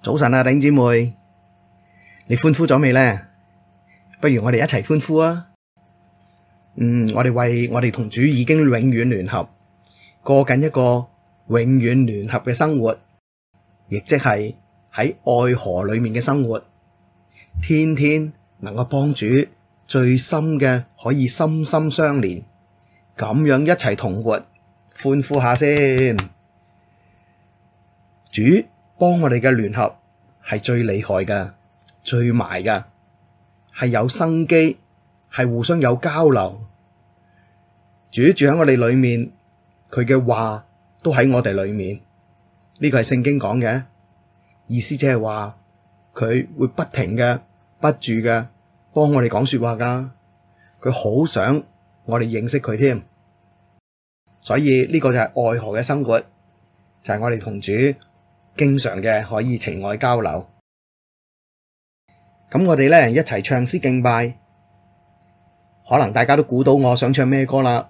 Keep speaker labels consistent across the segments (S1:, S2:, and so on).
S1: 早晨啊，弟兄姊妹，你歡呼咗未呢？不如我哋一齊歡呼啊！嗯，我哋為我哋同主已經永遠聯合，過緊一個永遠聯合嘅生活，亦即係喺愛河裏面嘅生活，天天能夠幫主最深嘅可以心心相連，咁樣一齊同活，歡呼下先，主。幫我哋嘅聯合係最厲害嘅，最埋嘅係有生機，係互相有交流。主住喺我哋裏面，佢嘅話都喺我哋裏面。呢、這個係聖經講嘅意思，即係話佢會不停嘅不住嘅幫我哋講說話噶。佢好想我哋認識佢添，所以呢個就係愛河嘅生活，就係、是、我哋同主。經常嘅可以情愛交流，咁我哋呢一齊唱詩敬拜，可能大家都估到我想唱咩歌啦，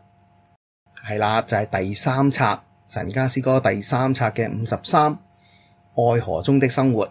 S1: 係啦，就係、是、第三冊《神家詩歌》第三冊嘅五十三《愛河中的生活》。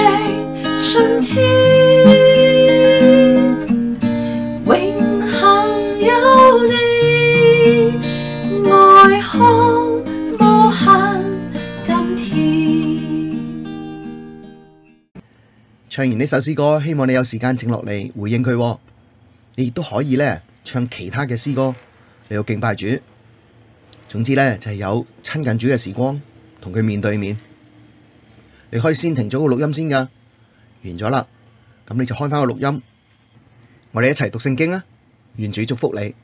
S1: 唱完呢首詩歌，希望你有時間靜落嚟回應佢。你亦都可以咧唱其他嘅詩歌，你要敬拜主。總之咧就係有親近主嘅時光，同佢面對面。你可以先停咗個錄音先噶，完咗啦，咁你就開翻個錄音，我哋一齊讀聖經啊。願主祝福你，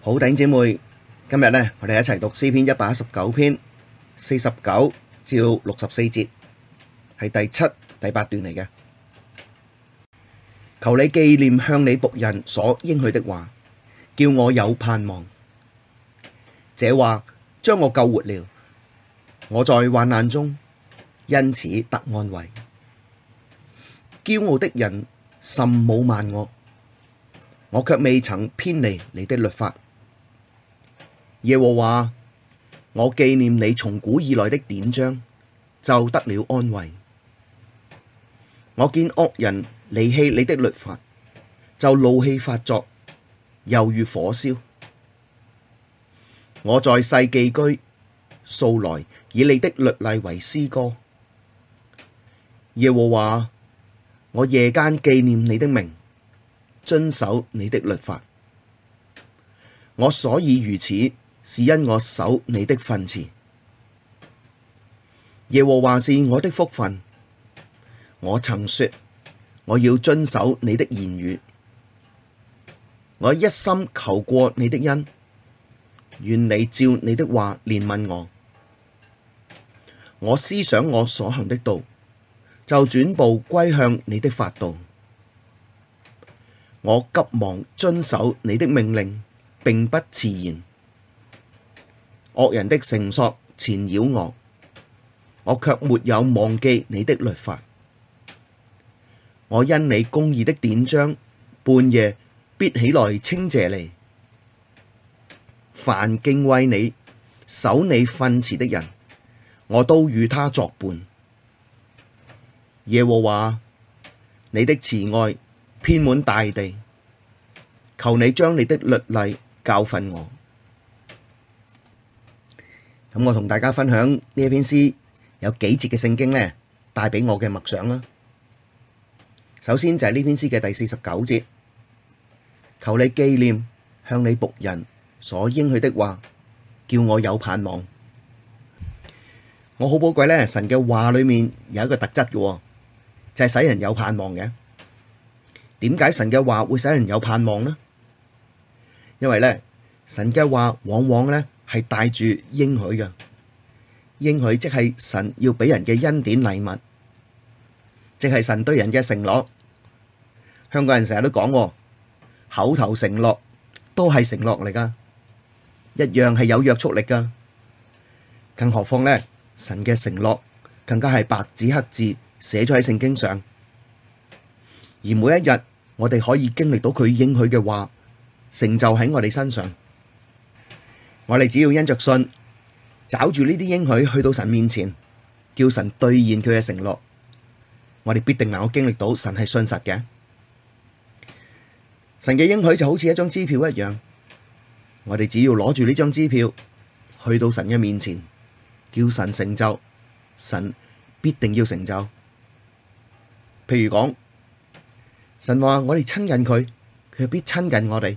S1: 好，弟兄姐妹。今日咧，我哋一齊讀詩篇一百一十九篇四十九至到六十四節，係第七。第八段嚟嘅，求你記念向你僕人所應許的話，叫我有盼望。這話將我救活了，我在患難中因此得安慰。驕傲的人甚侮慢我，我卻未曾偏離你的律法。耶和華，我記念你從古以來的典章，就得了安慰。我見惡人離棄你的律法，就怒氣發作，猶如火燒。我在世寄居，素來以你的律例為詩歌。耶和華，我夜間紀念你的名，遵守你的律法。我所以如此，是因我守你的訓詞。耶和華是我的福分。我曾說，我要遵守你的言語，我一心求過你的恩，願你照你的話憐憫我。我思想我所行的道，就轉步歸向你的法度。我急忙遵守你的命令，並不遲延。惡人的繩索纏繞我，我却沒有忘記你的律法。我因你公義的典章，半夜必起來稱謝你。凡敬畏你、守你訓詞的人，我都與他作伴。耶和華，你的慈愛遍滿大地，求你將你的律例教訓我。咁我同大家分享呢一篇詩有幾節嘅聖經呢，帶畀我嘅默想啦。首先就係呢篇詩嘅第四十九節，求你紀念向你僕人所應許的話，叫我有盼望。我好寶貴咧，神嘅話裏面有一個特質嘅，就係使人有盼望嘅。點解神嘅話會使人有盼望呢？因為咧，神嘅話往往咧係帶住應許嘅，應許即係神要俾人嘅恩典禮物，即係神對人嘅承諾。香港人成日都講，口頭承諾都係承諾嚟噶，一樣係有約束力噶。更何況呢？神嘅承諾更加係白紙黑字寫咗喺聖經上，而每一日我哋可以經歷到佢應許嘅話成就喺我哋身上，我哋只要因着信抓住呢啲應許去到神面前，叫神兌現佢嘅承諾，我哋必定能夠經歷到神係信實嘅。神嘅應許就好似一張支票一樣，我哋只要攞住呢張支票，去到神嘅面前，叫神成就，神必定要成就。譬如講，神話我哋親近佢，佢必親近我哋。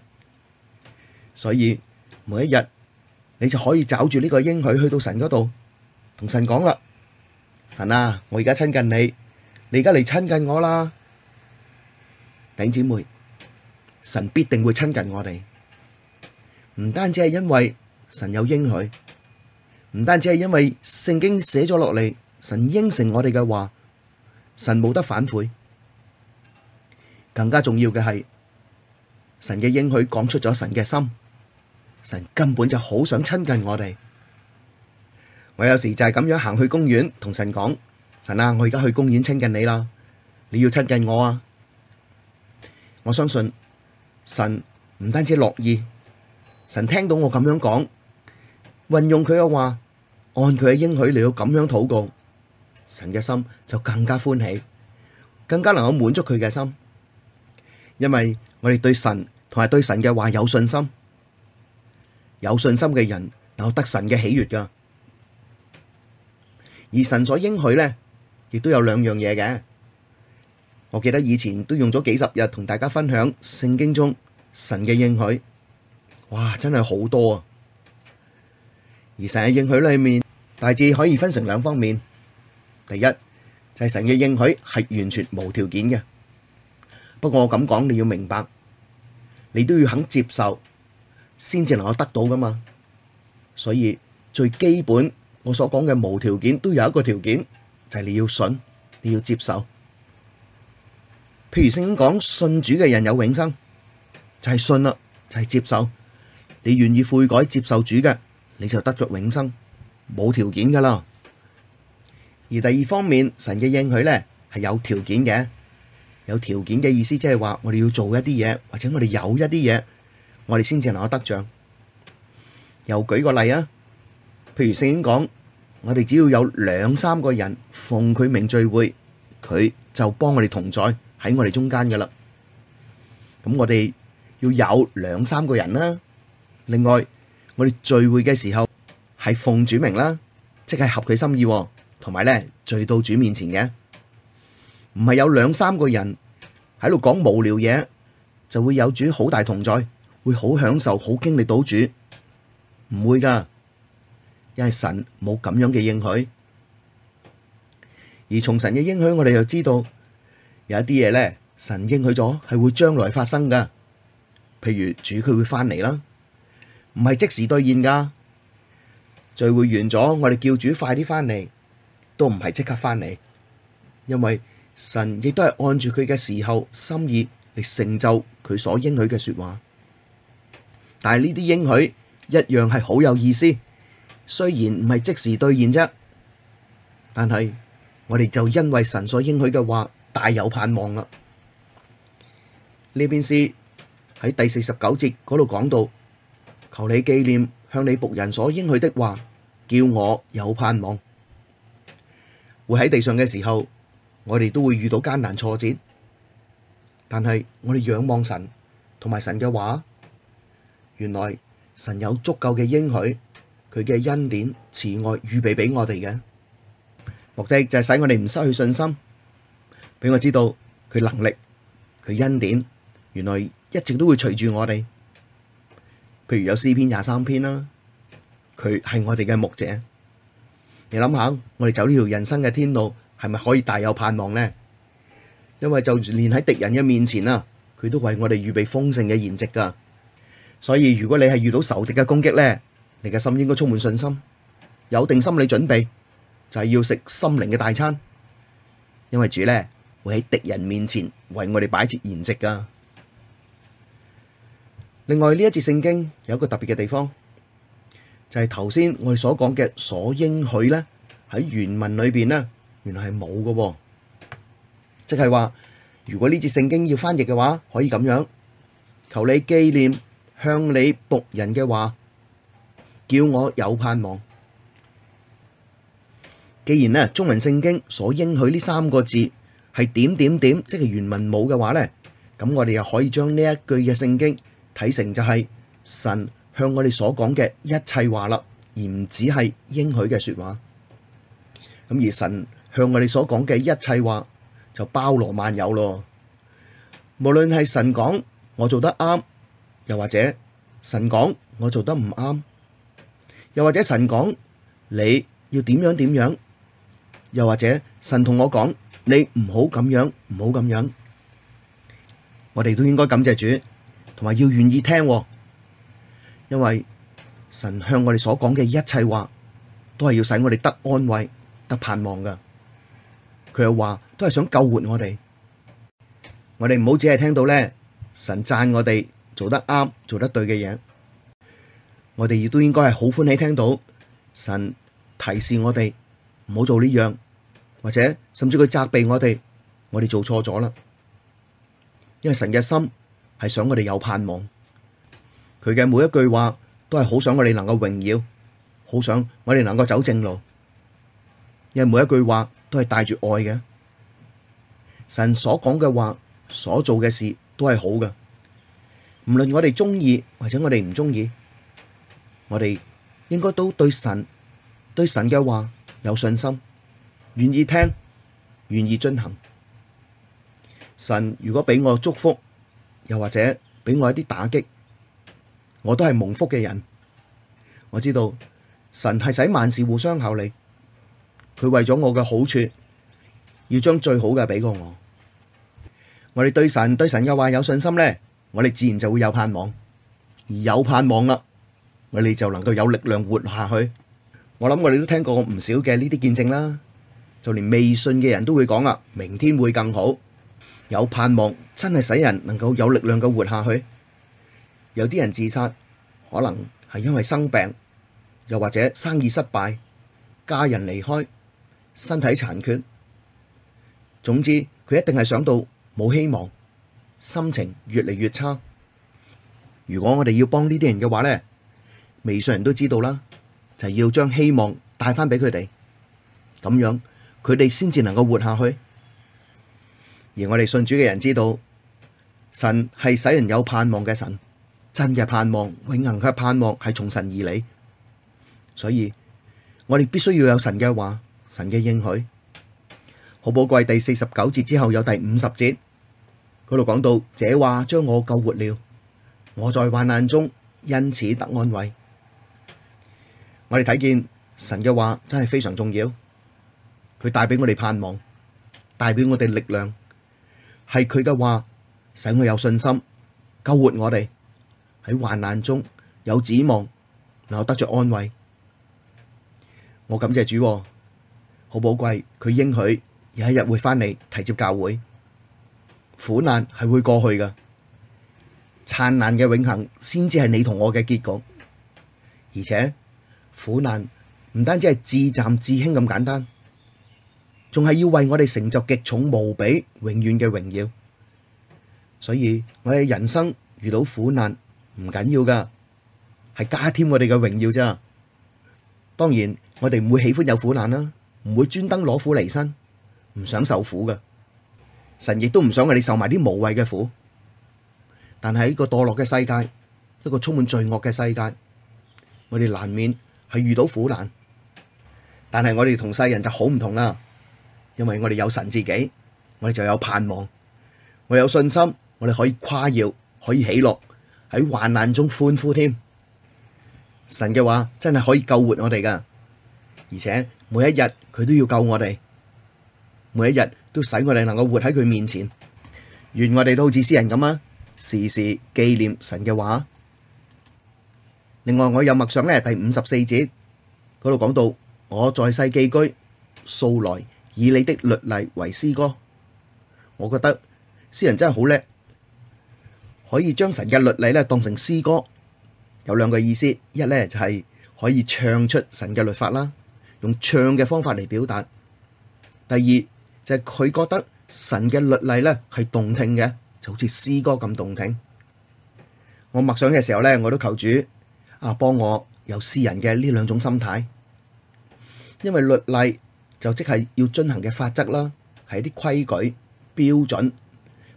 S1: 所以每一日，你就可以找住呢個應許，去到神嗰度，同神講啦：神啊，我而家親近你，你而家嚟親近我啦，弟兄姊妹。神必定會親近我哋，唔單止係因為神有應許，唔單止係因為聖經寫咗落嚟，神應承我哋嘅話，神冇得反悔。更加重要嘅係，神嘅應許講出咗神嘅心，神根本就好想親近我哋。我有時就係咁樣行去公園，同神講：神啊，我而家去公園親近你啦，你要親近我啊！我相信。神唔單止樂意，神聽到我咁樣講，運用佢嘅話，按佢嘅應許嚟到咁樣禱告，神嘅心就更加歡喜，更加能夠滿足佢嘅心，因為我哋對神同埋對神嘅話有信心，有信心嘅人有得神嘅喜悅㗎。而神所應許呢，亦都有兩樣嘢嘅。我記得以前都用咗幾十日同大家分享聖經中。神嘅應許，哇，真係好多啊！而神嘅應許裏面，大致可以分成兩方面。第一就係神嘅應許係完全無條件嘅，不過我咁講你要明白，你都要肯接受，先至能夠得到噶嘛。所以最基本我所講嘅無條件，都有一個條件，就係你要信，你要接受。譬如聖經講信主嘅人有永生。就係信啦，就係接受。你願意悔改接受主嘅，你就得着永生，冇條件噶啦。而第二方面，神嘅應許呢係有條件嘅，有條件嘅意思即係話我哋要做一啲嘢，或者我哋有一啲嘢，我哋先至能夠得獎。又舉個例啊，譬如聖經講，我哋只要有兩三個人奉佢名聚會，佢就幫我哋同在喺我哋中間噶啦。咁我哋。要有兩三個人啦、啊。另外，我哋聚會嘅時候係奉主名啦、啊，即係合佢心意、啊，同埋咧聚到主面前嘅，唔係有兩三個人喺度講無聊嘢，就會有主好大同在，會好享受，好經歷到主，唔會噶，因為神冇咁樣嘅應許。而從神嘅應許，我哋就知道有一啲嘢咧，神應許咗係會將來發生噶。譬如主佢會翻嚟啦，唔係即時兌現㗎。聚會完咗，我哋叫主快啲翻嚟，都唔係即刻翻嚟，因為神亦都係按住佢嘅時候心意嚟成就佢所應許嘅說話。但係呢啲應許一樣係好有意思，雖然唔係即時兌現啫，但係我哋就因為神所應許嘅話，大有盼望啦。呢邊是。喺第四十九節嗰度講到，求你紀念向你僕人所應許的話，叫我有盼望。會喺地上嘅時候，我哋都會遇到艱難挫折，但係我哋仰望神同埋神嘅話，原來神有足夠嘅應許，佢嘅恩典慈愛預備俾我哋嘅目的就係使我哋唔失去信心，俾我知道佢能力，佢恩典，原來。一直都會隨住我哋，譬如有詩篇廿三篇啦，佢係我哋嘅牧者。你諗下，我哋走呢條人生嘅天路，係咪可以大有盼望呢？因為就連喺敵人嘅面前啊，佢都為我哋預備豐盛嘅筵席噶。所以如果你係遇到仇敵嘅攻擊咧，你嘅心應該充滿信心，有定心理準備，就係要食心靈嘅大餐。因為主咧會喺敵人面前為我哋擺設筵席噶。另外呢一節聖經有一個特別嘅地方，就係頭先我哋所講嘅所應許呢，喺原文裏邊呢，原來係冇嘅，即係話如果呢節聖經要翻譯嘅話，可以咁樣，求你紀念向你僕人嘅話，叫我有盼望。既然呢中文聖經所應許呢三個字係點點點，即係原文冇嘅話呢，咁我哋又可以將呢一句嘅聖經。體成就係神向我哋所講嘅一切話啦，而唔只係應許嘅說話。咁而神向我哋所講嘅一切話就包羅萬有咯。無論係神講我做得啱，又或者神講我做得唔啱，又或者神講你要點樣點樣，又或者神同我講你唔好咁樣，唔好咁樣，我哋都應該感謝主。同埋要願意聽，因為神向我哋所講嘅一切話，都係要使我哋得安慰、得盼望噶。佢又話都係想救活我哋，我哋唔好只係聽到咧神讚我哋做得啱、做得對嘅嘢，我哋亦都應該係好歡喜聽到神提示我哋唔好做呢樣，或者甚至佢責備我哋，我哋做錯咗啦。因為神嘅心。係想我哋有盼望，佢嘅每一句話都係好想我哋能夠榮耀，好想我哋能夠走正路，因為每一句話都係帶住愛嘅。神所講嘅話，所做嘅事都係好嘅。無論我哋中意或者我哋唔中意，我哋應該都對神對神嘅話有信心，願意聽，願意遵行。神如果俾我祝福。又或者俾我一啲打擊，我都係蒙福嘅人。我知道神係使萬事互相效力，佢為咗我嘅好處，要將最好嘅俾過我。我哋對神對神又話有信心咧，我哋自然就會有盼望。而有盼望啦，我哋就能夠有力量活下去。我諗我哋都聽過唔少嘅呢啲見證啦，就連未信嘅人都會講啦，明天會更好，有盼望。真係使人能夠有力量嘅活下去。有啲人自殺，可能係因為生病，又或者生意失敗、家人離開、身體殘缺。總之，佢一定係想到冇希望，心情越嚟越差。如果我哋要幫呢啲人嘅話咧，微信人都知道啦，就係要將希望帶翻俾佢哋，咁樣佢哋先至能夠活下去。而我哋信主嘅人知道。神係使人有盼望嘅神，真嘅盼望，永恒嘅盼望係從神而嚟，所以我哋必須要有神嘅話，神嘅應許好寶貴。第四十九節之後有第五十節，佢度講到：這話將我救活了，我在患難中因此得安慰。我哋睇見神嘅話真係非常重要，佢帶俾我哋盼望，帶俾我哋力量，係佢嘅話。使我有信心，救活我哋喺患難中有指望，然後得着安慰。我感謝主，好寶貴，佢應許有一日會翻嚟，提接教會。苦難係會過去噶，燦爛嘅永恆先至係你同我嘅結局。而且苦難唔單止係至暫至輕咁簡單，仲係要為我哋成就極重無比永遠嘅榮耀。所以我哋人生遇到苦難唔緊要噶，係加添我哋嘅榮耀咋。當然，我哋唔會喜歡有苦難啦，唔會專登攞苦嚟辛，唔想受苦噶。神亦都唔想我哋受埋啲無謂嘅苦。但係呢個墮落嘅世界，一個充滿罪惡嘅世界，我哋難免係遇到苦難。但係我哋同世人就好唔同啦，因為我哋有神自己，我哋就有盼望，我有信心。我哋可以誇耀，可以喜樂，喺患難中歡呼添。神嘅話真係可以救活我哋噶，而且每一日佢都要救我哋，每一日都使我哋能夠活喺佢面前。願我哋都好似詩人咁啊，時時紀念神嘅話。另外，我有默想咧，第五十四節嗰度講到，我在世寄居素來，以你的律例為詩歌。我覺得詩人真係好叻。可以將神嘅律例咧當成詩歌，有兩個意思：一咧就係、是、可以唱出神嘅律法啦，用唱嘅方法嚟表達；第二就係、是、佢覺得神嘅律例咧係動聽嘅，就好似詩歌咁動聽。我默想嘅時候咧，我都求主啊，幫我有詩人嘅呢兩種心態，因為律例就即係要遵行嘅法則啦，係啲規矩標準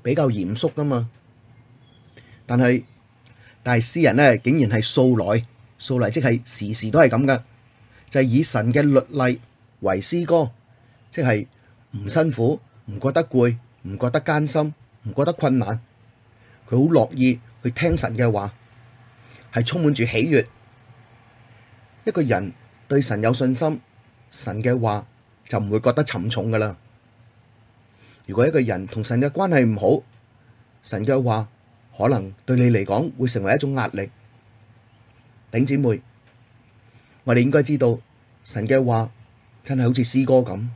S1: 比較嚴肅噶嘛。但係，但係詩人呢，竟然係素來素嚟，即係時時都係咁嘅，就係、是、以神嘅律例為詩歌，即係唔辛苦，唔覺得攰，唔覺得艱辛，唔覺得困難，佢好樂意去聽神嘅話，係充滿住喜悅。一個人對神有信心，神嘅話就唔會覺得沉重噶啦。如果一個人同神嘅關係唔好，神嘅話。可能對你嚟講會成為一種壓力，頂姐妹，我哋應該知道神嘅話真係好似詩歌咁，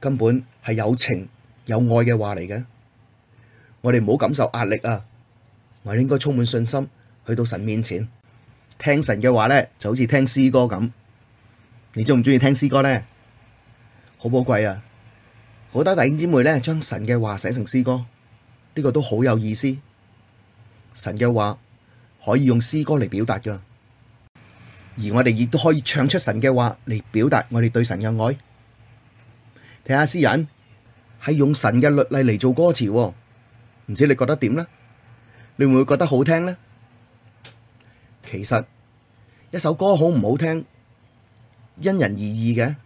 S1: 根本係有情有愛嘅話嚟嘅。我哋唔好感受壓力啊！我哋應該充滿信心去到神面前，聽神嘅話咧，就好似聽詩歌咁。你中唔中意聽詩歌咧？好寶貴啊！好多頂姊妹咧，將神嘅話寫成詩歌，呢個都好有意思。神嘅話可以用詩歌嚟表達噶，而我哋亦都可以唱出神嘅話嚟表達我哋對神嘅愛。睇下詩人係用神嘅律例嚟做歌詞喎，唔知你覺得點呢？你會唔會覺得好聽呢？其實一首歌好唔好聽，因人而異嘅。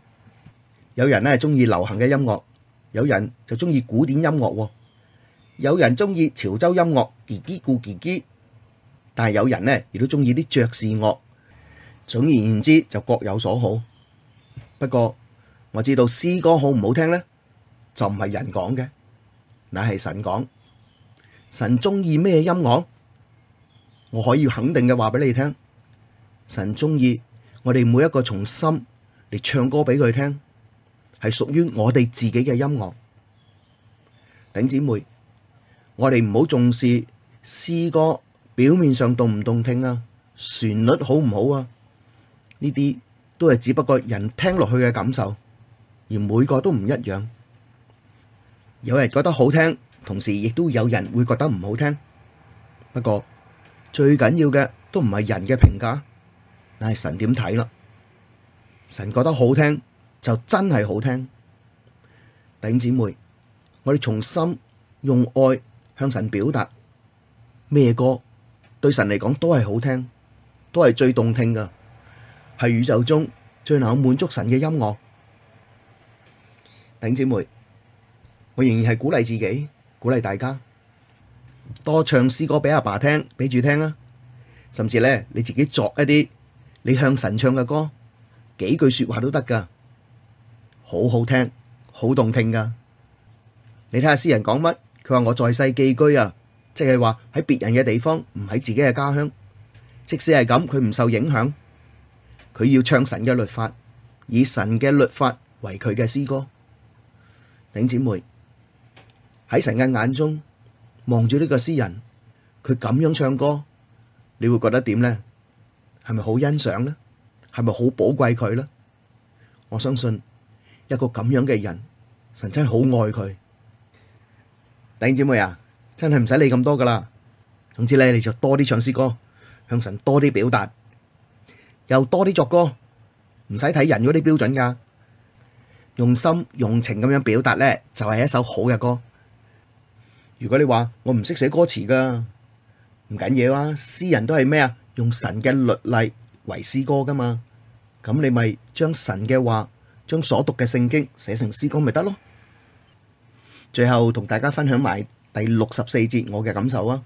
S1: 有人呢係中意流行嘅音樂，有人就中意古典音樂喎。有人鍾意潮州音樂，自己顧自己；但係有人呢，亦都鍾意啲爵士樂。總而言之，就各有所好。不過我知道詩歌好唔好聽呢？就唔係人講嘅，乃係神講。神鍾意咩音樂？我可以肯定嘅話俾你聽，神鍾意我哋每一個從心嚟，唱歌俾佢聽，係屬於我哋自己嘅音樂，頂姊妹。我哋唔好重視詩歌表面上動唔動聽啊，旋律好唔好啊？呢啲都係只不過人聽落去嘅感受，而每個都唔一樣。有人覺得好聽，同時亦都有人會覺得唔好聽。不過最緊要嘅都唔係人嘅評價，但係神點睇啦。神覺得好聽就真係好聽。弟兄姊妹，我哋從心用愛。向神表達咩歌，對神嚟講都係好聽，都係最動聽噶，係宇宙中最能滿足神嘅音樂。頂姐妹，我仍然係鼓勵自己，鼓勵大家多唱詩歌俾阿爸聽，俾住聽啊！甚至咧，你自己作一啲你向神唱嘅歌，幾句說話都得噶，好好聽，好動聽噶。你睇下詩人講乜？佢話「我在世寄居啊」，即係話喺別人嘅地方，唔喺自己嘅家鄉。即使係咁，佢唔受影響，佢要唱神嘅律法，以神嘅律法為佢嘅詩歌。頂姐妹，喺神嘅眼中望住呢個詩人，佢咁樣唱歌，你會覺得點呢？係咪好欣賞呢？係咪好寶貴佢呢？我相信一個咁樣嘅人，神真係好愛佢。弟姐妹啊，真係唔使理咁多噶啦。總之咧，你就多啲唱詩歌，向神多啲表達，又多啲作歌，唔使睇人嗰啲標準噶。用心用情咁樣表達咧，就係、是、一首好嘅歌。如果你話我唔識寫歌詞噶，唔緊要啦，詩人都係咩啊？用神嘅律例為詩歌噶嘛。咁你咪將神嘅話，將所讀嘅聖經寫成詩歌，咪得咯。最後同大家分享埋第六十四節我嘅感受啊，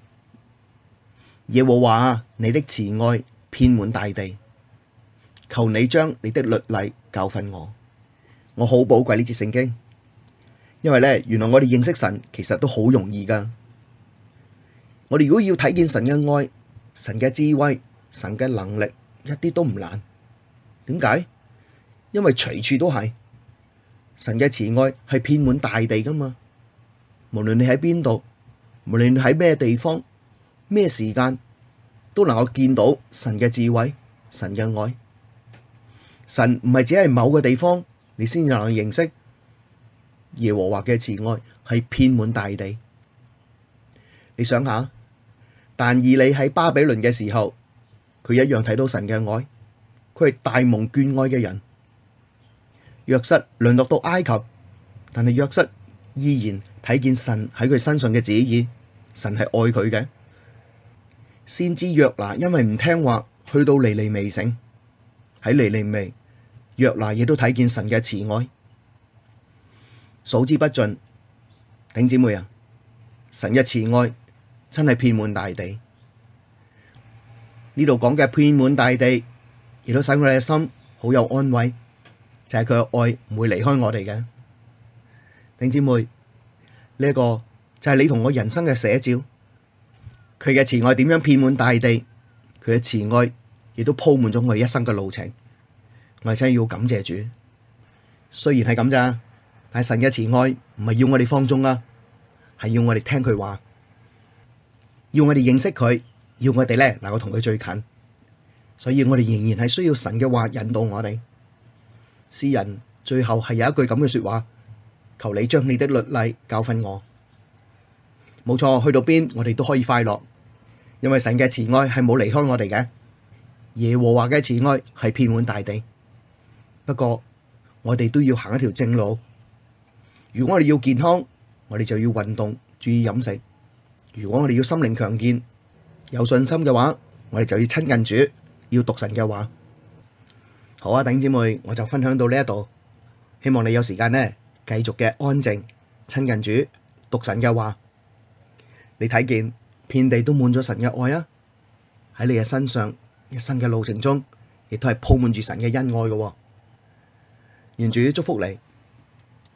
S1: 耶和華啊，你的慈愛遍滿大地，求你將你的律例教訓我。我好寶貴呢節聖經，因為呢，原來我哋認識神其實都好容易噶。我哋如果要睇見神嘅愛、神嘅智慧、神嘅能力，一啲都唔難。點解？因為隨處都係神嘅慈愛係遍滿大地噶嘛。無論你喺邊度，無論你喺咩地方，咩時間，都能夠見到神嘅智慧、神嘅愛。神唔係只係某個地方，你先能夠認識耶和華嘅慈愛，係遍滿大地。你想下，但以理喺巴比倫嘅時候，佢一樣睇到神嘅愛。佢係大蒙眷愛嘅人，約瑟淪落到埃及，但係約瑟依然。睇見神喺佢身上嘅旨意，神係愛佢嘅，先知約拿因為唔聽話，去到尼尼微城，喺尼尼微約拿亦都睇見神嘅慈愛，數之不盡。頂姐妹啊，神嘅慈愛真係遍滿大地。呢度講嘅遍滿大地，亦都使我哋嘅心好有安慰，就係佢嘅愛唔會離開我哋嘅。頂姐妹。呢一個就係你同我人生嘅寫照，佢嘅慈愛點樣遍滿大地，佢嘅慈愛亦都鋪滿咗我哋一生嘅路程，我哋真係要感謝主。雖然係咁咋，但係神嘅慈愛唔係要我哋放縱啊，係要我哋聽佢話，要我哋認識佢，要我哋咧嗱我同佢最近，所以我哋仍然係需要神嘅話引導我哋。詩人最後係有一句咁嘅說話。求你將你的律例教訓我，冇錯，去到邊我哋都可以快樂，因為神嘅慈愛係冇離開我哋嘅。耶和華嘅慈愛係遍滿大地，不過我哋都要行一條正路。如果我哋要健康，我哋就要運動，注意飲食；如果我哋要心靈強健，有信心嘅話，我哋就要親近主，要讀神嘅話。好啊，弟兄姊妹，我就分享到呢一度，希望你有時間呢，繼續嘅安靜親近主讀神嘅話，你睇見遍地都滿咗神嘅愛啊！喺你嘅身上，一生嘅路程中，亦都係鋪滿住神嘅恩愛嘅喎。願主祝福你。